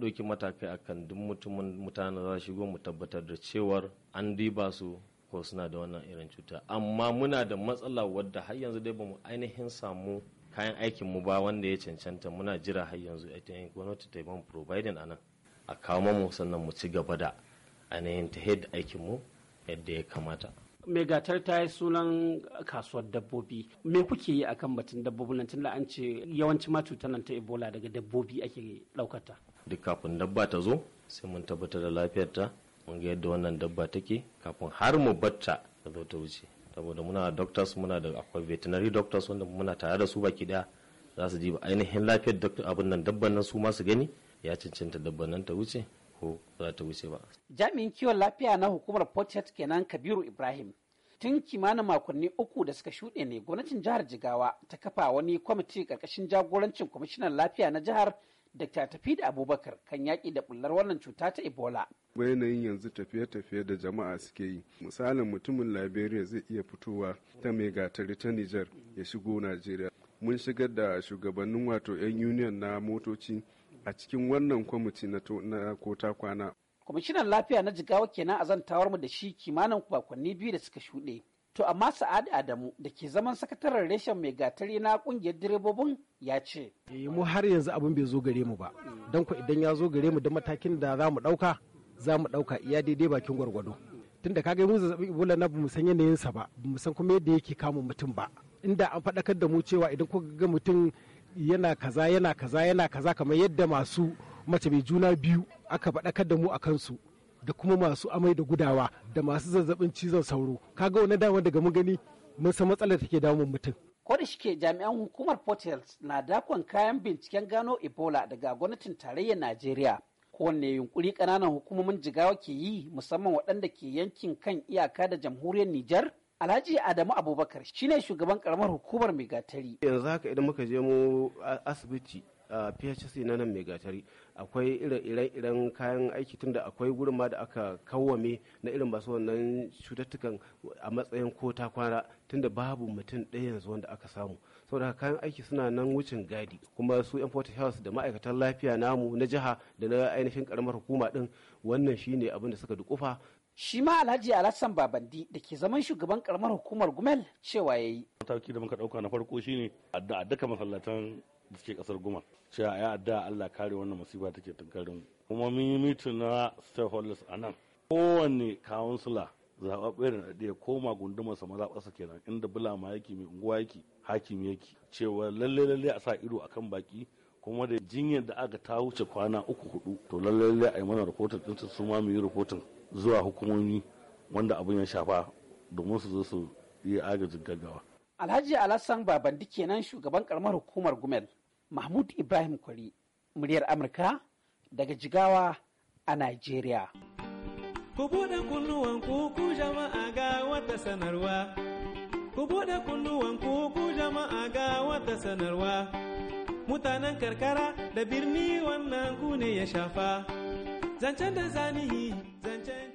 an ɗauki matakai akan duk mutumin mutane za shigo mu tabbatar da cewar an diba su ko suna da wannan irin cuta amma muna da matsala wadda har yanzu dai bamu ainihin samu kayan aikin mu ba wanda ya cancanta muna jira har yanzu ainihin gwamnati ta ban providing anan a kawo mu sannan mu ci gaba da ainihin ta aikin mu yadda ya kamata megatar ta yi sunan kasuwar dabbobi me kuke yi akan batun dabbobi nan da an ce yawanci ma cutar nan ta ebola daga dabbobi ake ɗaukata duk kafin dabba ta zo sai mun tabbatar da lafiyarta mun ga yadda wannan dabba take kafin har mu batta ta zo ta wuce saboda muna doctors muna da akwai veterinary doctors wanda muna tare da su baki daya za su ji ainihin lafiyar abin nan dabban nan su masu gani ya cancanta dabban nan ta wuce ko za ta wuce ba. Jami'in kiwon lafiya na hukumar Port kenan Kabiru Ibrahim. Tun kimanin makonni uku da suka shuɗe ne gwamnatin jihar Jigawa ta kafa wani kwamiti ƙarƙashin jagorancin kwamishinan lafiya na jihar Dr. Tafida Abubakar kan yaƙi da bullar wannan cuta ta Ebola. yanayin yanzu tafiye-tafiye da jama'a suke yi. Misalin mutumin Liberia zai iya fitowa ta mai gatari ta Nijar ya shigo Najeriya. Mun shigar da shugabannin wato 'yan union na motoci a cikin wannan kwamiti na kota kwana. Kwamishinan lafiya na jigawa kenan a zantawar mu da shi kimanin bakonni biyu da suka shuɗe. To amma Sa'ad Adamu da ke zaman sakataren reshen mai gatari na kungiyar direbobin ya ce. Eh, mu har yanzu abin bai zo gare mu ba. Don ku idan ya zo gare mu da matakin da za mu ɗauka, za mu ɗauka iya daidai bakin gwargwado. Tun da ga mu zazzabin Ebola na bamu san yanayinsa ba, bamu san kuma yadda yake kama mutum ba. Inda an faɗakar da mu cewa idan kuka ga mutum yana kaza yana kaza yana kaza kamar yadda masu mace mai juna biyu aka faɗakar da mu a kansu da kuma masu amai da gudawa da masu zazzabin cizon sauro kaga wani dama daga mun gani mun san matsalar take damun mutum ko da shike jami'an hukumar port health na dakon kayan binciken gano ebola daga gwamnatin tarayyar najeriya kowanne yunkuri ƙananan hukumomin jigawa ke yi musamman waɗanda ke yankin kan iyaka da jamhuriyar nijar Alhaji Adamu Abubakar shine shugaban karamar hukumar Megatari. Yanzu haka idan muka je mu asibiti a PHC na nan Megatari akwai ire-iren kayan aiki tunda akwai gurin ma da aka kawwame na irin masu wannan cututtukan a matsayin ko ta kwana tunda babu mutum ɗaya yanzu wanda aka samu. saboda kayan aiki suna nan wucin gadi kuma su yan forty health da ma'aikatan lafiya namu na jiha da na ainihin karamar hukuma din wannan shine abin da suka dukufa shi ma alhaji alassan babandi da ke zaman shugaban karamar hukumar gumel cewa ya yi mataki da muka dauka na farko shi ne. a duka masallatan da suke kasar gumel cewa ya adda allah kare wannan musiba ke tunkarin kuma mun yi na stakeholders a nan kowane kawunsula zaɓaɓɓe da naɗe ya koma gundumar sa mazaɓarsa kenan inda bulama yake mai unguwa yake hakimi yake cewa lalle lalle a sa ido akan baki kuma da jinyar da aka ta wuce kwana uku hudu to lallai a yi mana rahoton ɗinsu su ma mu yi rahoton zuwa hukumomi wanda abin ya shafa domin su zo su yi agajin gaggawa. Alhaji Alassan Baban kenan shugaban karamar hukumar Gumel Mahmud Ibrahim Kwari muryar Amurka daga Jigawa a Najeriya. Ku buɗe kunnuwan ku jama'a ga wata sanarwa. Ku buɗe kunnuwan ku jama'a ga wata sanarwa. mutanen karkara da birni wannan ku ne ya shafa zancen da zanihi zancen